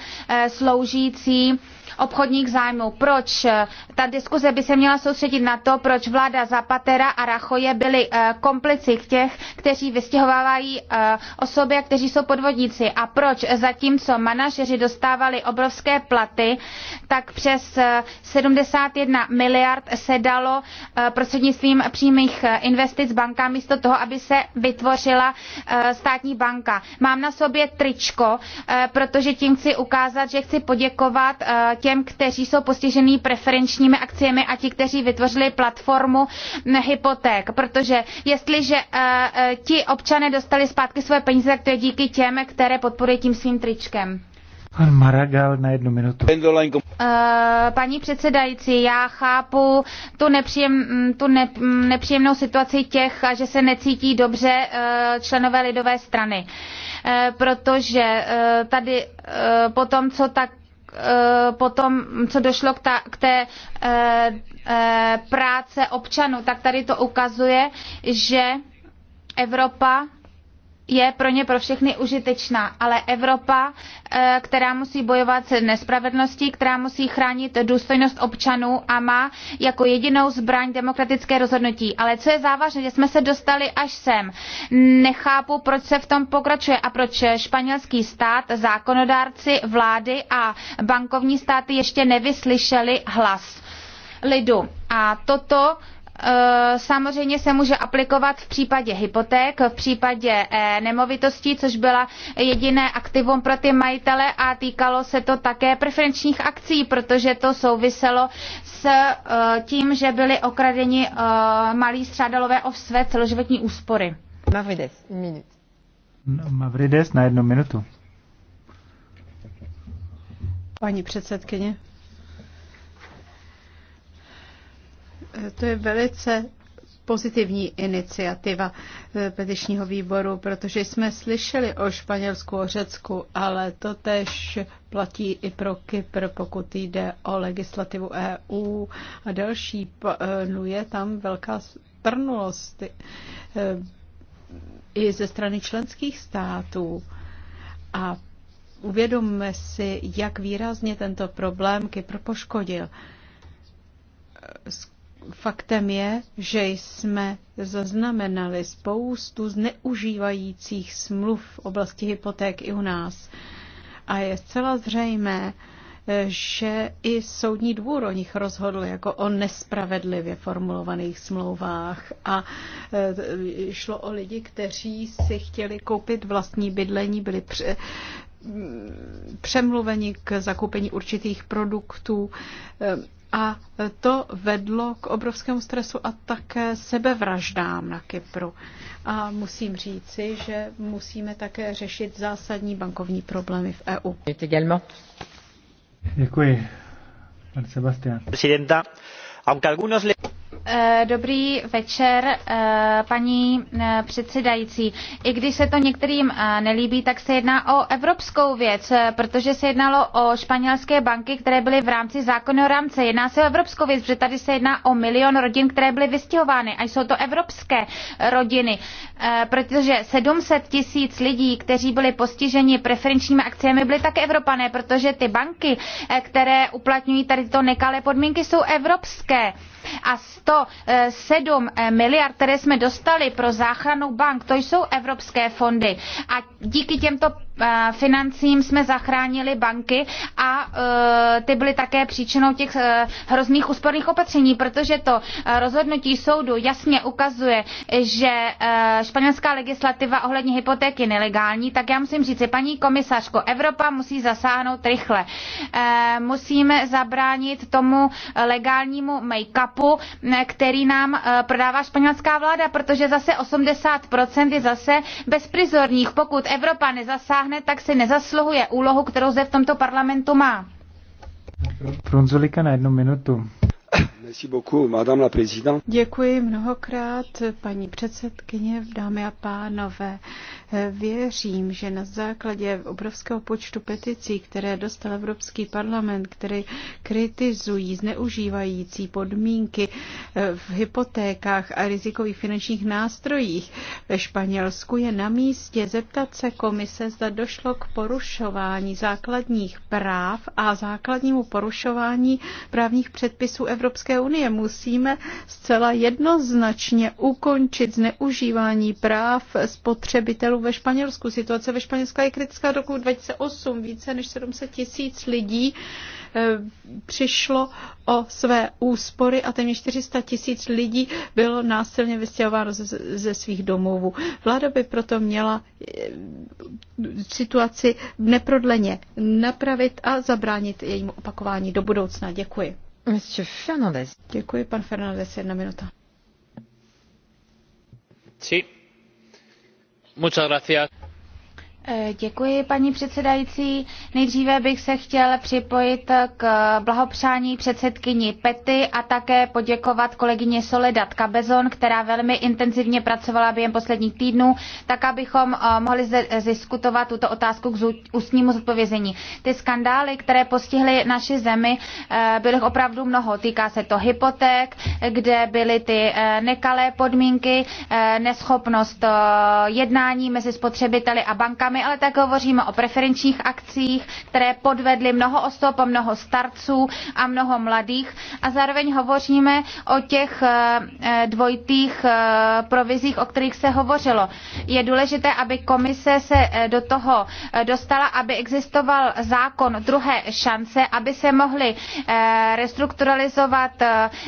sloužící obchodních zájmů. Proč eh, ta diskuze by se měla soustředit na to, proč vláda Zapatera a Rachoje byli eh, komplici těch, kteří vystěhovávají eh, osoby a kteří jsou podvodníci. A proč zatímco manažeři dostávali obrovské platy, tak přes 71 miliard se dalo prostřednictvím přímých investic banka místo toho, aby se vytvořila státní banka. Mám na sobě tričko, protože tím chci ukázat, že chci poděkovat těm těm, kteří jsou postižený preferenčními akciemi a ti, kteří vytvořili platformu hypoték. Protože jestliže eh, eh, ti občané dostali zpátky své peníze, tak to je díky těm, které podporují tím svým tričkem. Pan Maragal na jednu minutu. Uh, paní předsedající, já chápu tu, nepříjem, mm, tu ne, mm, nepříjemnou situaci těch, že se necítí dobře uh, členové lidové strany. Uh, protože uh, tady uh, po tom, co tak Eh, potom, co došlo k, ta, k té e, e, práce občanů, tak tady to ukazuje, že Evropa je pro ně pro všechny užitečná, ale Evropa, eh, která musí bojovat s nespravedlností, která musí chránit důstojnost občanů a má jako jedinou zbraň demokratické rozhodnutí. Ale co je závažné, že jsme se dostali až sem. Nechápu, proč se v tom pokračuje a proč španělský stát, zákonodárci, vlády a bankovní státy ještě nevyslyšeli hlas lidu. A toto Eh, samozřejmě se může aplikovat v případě hypoték, v případě eh, nemovitostí, což byla jediné aktivum pro ty majitele a týkalo se to také preferenčních akcí, protože to souviselo s eh, tím, že byli okradeni malí střádalové o své celoživotní úspory. Mavrides, minut. No, Mavrides na jednu minutu. Paní předsedkyně, To je velice pozitivní iniciativa eh, petičního výboru, protože jsme slyšeli o Španělsku, o Řecku, ale to tež platí i pro Kypr, pokud jde o legislativu EU a další. No je tam velká strnulost eh, i ze strany členských států. A uvědomme si, jak výrazně tento problém Kypr poškodil eh, Faktem je, že jsme zaznamenali spoustu zneužívajících smluv v oblasti hypoték i u nás. A je zcela zřejmé, že i soudní dvůr o nich rozhodl jako o nespravedlivě formulovaných smlouvách a e, šlo o lidi, kteří si chtěli koupit vlastní bydlení, byli pře- přemluveni k zakoupení určitých produktů e, a to vedlo k obrovskému stresu a také sebevraždám na Kypru. A musím říci, že musíme také řešit zásadní bankovní problémy v EU. Děkuji. Pan Sebastian. Presidenta, aunque algunos le... Eh, dobrý večer, eh, paní eh, předsedající. I když se to některým nelíbí, tak se jedná o evropskou věc, protože se jednalo o španělské banky, které byly v rámci zákonného rámce. Jedná se o evropskou věc, protože tady se jedná o milion rodin, které byly vystěhovány a jsou to evropské rodiny, protože 700 tisíc lidí, kteří byli postiženi preferenčními akcemi, byly také Evropané, protože ty banky, které uplatňují tady to nekalé podmínky, jsou evropské. A 100 107 eh, eh, miliard, které jsme dostali pro záchranu bank, to jsou evropské fondy. A díky těmto financím jsme zachránili banky a e, ty byly také příčinou těch e, hrozných úsporných opatření, protože to e, rozhodnutí soudu jasně ukazuje, že španělská legislativa ohledně hypotéky nelegální, tak já musím říct, paní komisařko, Evropa musí zasáhnout rychle. Musíme zabránit tomu legálnímu make-upu, který nám prodává španělská vláda, protože zase 80% je zase bezprizorních. Pokud Evropa nezasáhne, dosáhne, tak si nezasluhuje úlohu, kterou zde v tomto parlamentu má. Frunzulika na jednu minutu. Děkuji mnohokrát, paní předsedkyně, dámy a pánové. Věřím, že na základě obrovského počtu peticí, které dostal Evropský parlament, které kritizují zneužívající podmínky v hypotékách a rizikových finančních nástrojích ve Španělsku, je na místě zeptat se komise, zda došlo k porušování základních práv a základnímu porušování právních předpisů Evropské unie. Musíme zcela jednoznačně ukončit zneužívání práv spotřebitelů ve Španělsku. Situace ve Španělsku je kritická. Roku 2008 více než 700 tisíc lidí eh, přišlo o své úspory a téměř 400 tisíc lidí bylo násilně vystěhováno ze, ze svých domovů. Vláda by proto měla eh, situaci neprodleně napravit a zabránit jejímu opakování do budoucna. Děkuji. Monsieur Fernandez. Děkuji, pan Fernandez, jedna minuta. Sí. Muchas gracias. Eh, děkuji, paní předsedající. Nejdříve bych se chtěl připojit k blahopřání předsedkyni Pety a také poděkovat kolegyně Soledad Kabezon, která velmi intenzivně pracovala během posledních týdnů, tak abychom eh, mohli zde diskutovat tuto otázku k ústnímu zodpovězení. Ty skandály, které postihly naši zemi, eh, byly opravdu mnoho. Týká se to hypoték, kde byly ty nekalé podmínky, neschopnost jednání mezi spotřebiteli a bankami my ale tak hovoříme o preferenčních akcích, které podvedly mnoho osob, mnoho starců a mnoho mladých a zároveň hovoříme o těch eh, eh, dvojitých eh, provizích, o kterých se hovořilo. Je důležité, aby komise se do toho dostala, aby existoval zákon druhé šance, aby se mohly restrukturalizovat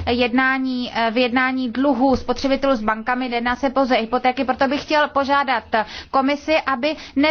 jednání, jednání dluhů spotřebitelů s bankami, jedná se pouze hypotéky, proto bych chtěl požádat komisi, aby ne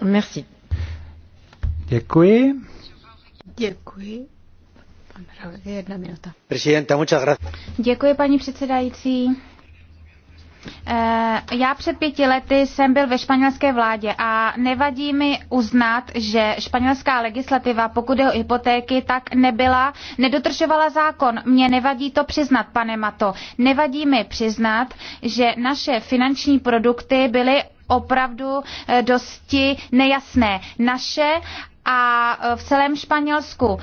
Merci. Děkuji. Děkuji. Pan jedna minuta. Presidenta, muchas gracias. Děkuji, paní předsedající. Eh, já před pěti lety jsem byl ve španělské vládě a nevadí mi uznat, že španělská legislativa, pokud je o hypotéky, tak nebyla, nedotržovala zákon. Mně nevadí to přiznat, pane Mato. Nevadí mi přiznat, že naše finanční produkty byly opravdu eh, dosti nejasné. Naše a e, v celém Španělsku.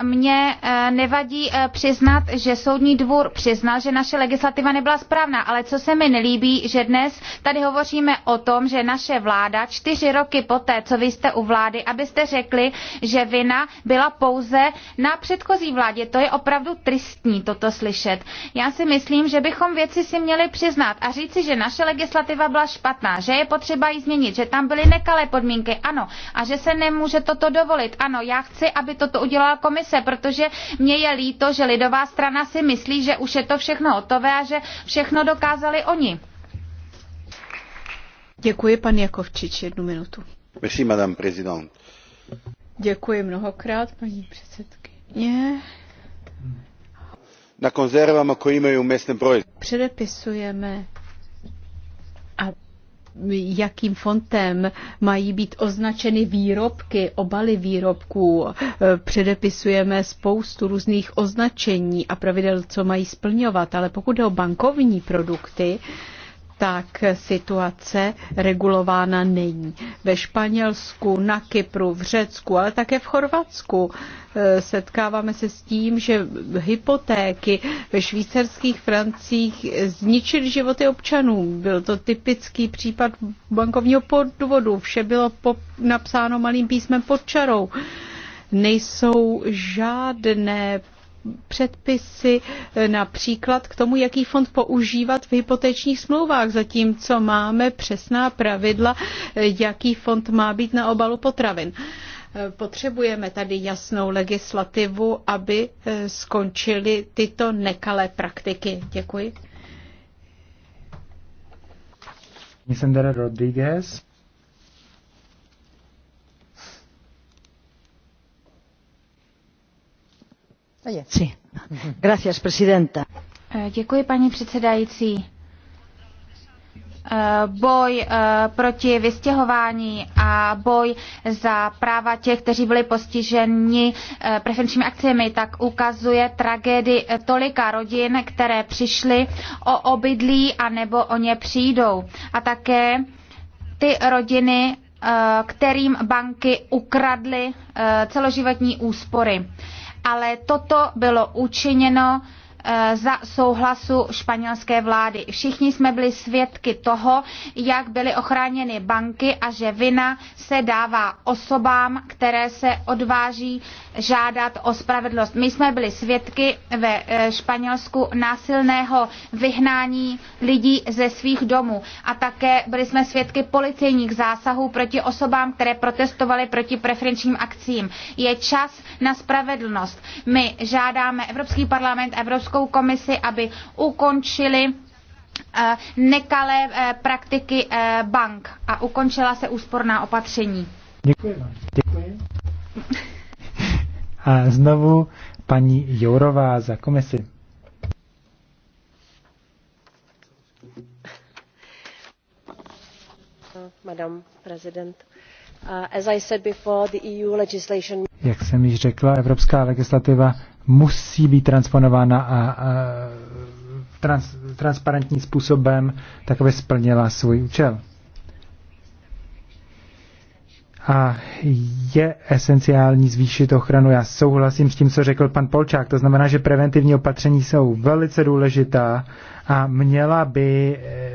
E, mně e, nevadí přiznat, že soudní dvůr přiznal, že naše legislativa nebyla správná, ale co se mi nelíbí, že dnes tady hovoříme o tom, že naše vláda čtyři roky poté, co vy jste u vlády, abyste řekli, že vina byla pouze na předchozí vládě. To je opravdu tristní toto slyšet. Já si myslím, že bychom věci si měli přiznat a říci, že naše legislativa byla špatná, že je potřeba ji změnit, že tam byly nekalé podmínky, ano, a že se nemůže může toto dovolit. Ano, já chci, aby toto udělala komise, protože mě je líto, že lidová strana si myslí, že už je to všechno hotové a že všechno dokázali oni. Děkuji, pan Jakovčič, jednu minutu. Merci, madame prezident. Děkuji mnohokrát, paní předsedkyně. Na konzervama koje imaju městné proizvode. Předepisujeme a jakým fontem mají být označeny výrobky, obaly výrobků. Eh, Předepisujeme spoustu různých označení a pravidel, co mají splňovat, ale pokud jde o bankovní produkty, tak situace regulována není. Ve Španělsku, na Kypru, v Řecku, ale také v Chorvatsku e, setkáváme se s tím, že hypotéky ve švýcarských francích zničily životy občanů. Byl to typický případ bankovního podvodu. Vše bylo po, napsáno malým písmem pod čarou. Nejsou žádné předpisy eh, například k tomu, jaký fond používat v hypotečních smlouvách, zatímco máme přesná pravidla, eh, jaký fond má být na obalu potravin. Eh, potřebujeme tady jasnou legislativu, aby skončily tyto nekalé praktiky. Děkuji. Nisendera Rodriguez. Eh, děkuji, paní předsedající. Eh, boj eh, proti vystěhování a boj za práva těch, kteří byli postiženi preferenčními akcemi, tak ukazuje tragédii tolika rodin, které přišly o obydlí a nebo o ně přijdou. A také ty rodiny, kterým banky ukradly celoživotní úspory ale toto bylo učiněno Eh, za souhlasu španělské vlády. Všichni jsme byli svědky toho, jak byly ochráněny banky a že vina se dává osobám, které se odváží žádat o spravedlnost. My jsme byli svědky ve eh, Španělsku násilného vyhnání lidí ze svých domů a také byli jsme svědky policejních zásahů proti osobám, které protestovaly proti preferenčním akcím. Je čas na spravedlnost. My žádáme Evropský parlament, Evropskou Evropskou komisi, aby ukončili eh, nekalé eh, praktiky eh, bank a ukončila se úsporná opatření. Děkuji vám. Děkuji. A znovu paní Jourová za komisi. Madam President, uh, as I said before, the EU legislation jak jsem již řekla, evropská legislativa musí být transponována a, a trans, transparentním způsobem, tak aby splnila svůj účel. A je esenciální zvýšit ochranu. Já souhlasím s tím, co řekl pan Polčák. To znamená, že preventivní opatření jsou velice důležitá a měla by eh,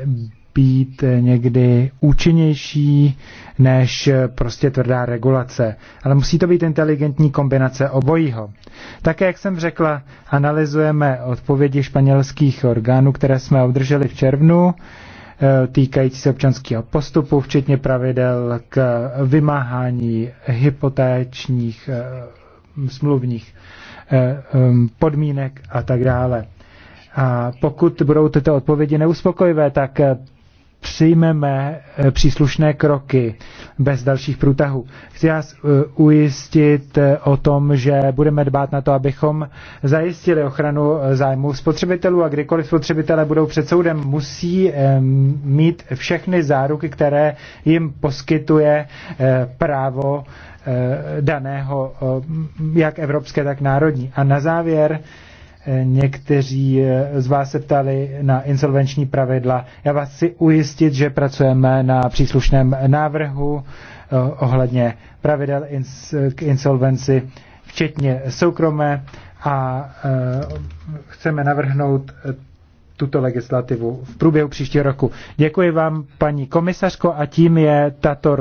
být někdy účinnější než prostě tvrdá regulace. Ale musí to být inteligentní kombinace obojího. Také, jak jsem řekla, analyzujeme odpovědi španělských orgánů, které jsme obdrželi v červnu eh, týkající se občanského postupu, včetně pravidel k vymáhání hypotéčních eh, smluvních eh, podmínek a tak dále. A pokud budou tyto odpovědi neuspokojivé, tak přijmeme eh, příslušné kroky bez dalších průtahů. Chci vás eh, ujistit eh, o tom, že budeme dbát na to, abychom zajistili ochranu zájmu spotřebitelů a kdykoliv spotřebitelé budou před soudem, musí mít všechny záruky, které jim poskytuje právo daného, jak evropské, tak národní. A na závěr Někteří eh, z vás se ptali na insolvenční pravidla. Já vás chci ujistit, že pracujeme na příslušném návrhu eh, ohledně pravidel k insolvenci, včetně soukromé, a eh, chceme navrhnout tuto legislativu v průběhu příštího roku. Děkuji vám, paní komisařko, a tím je tato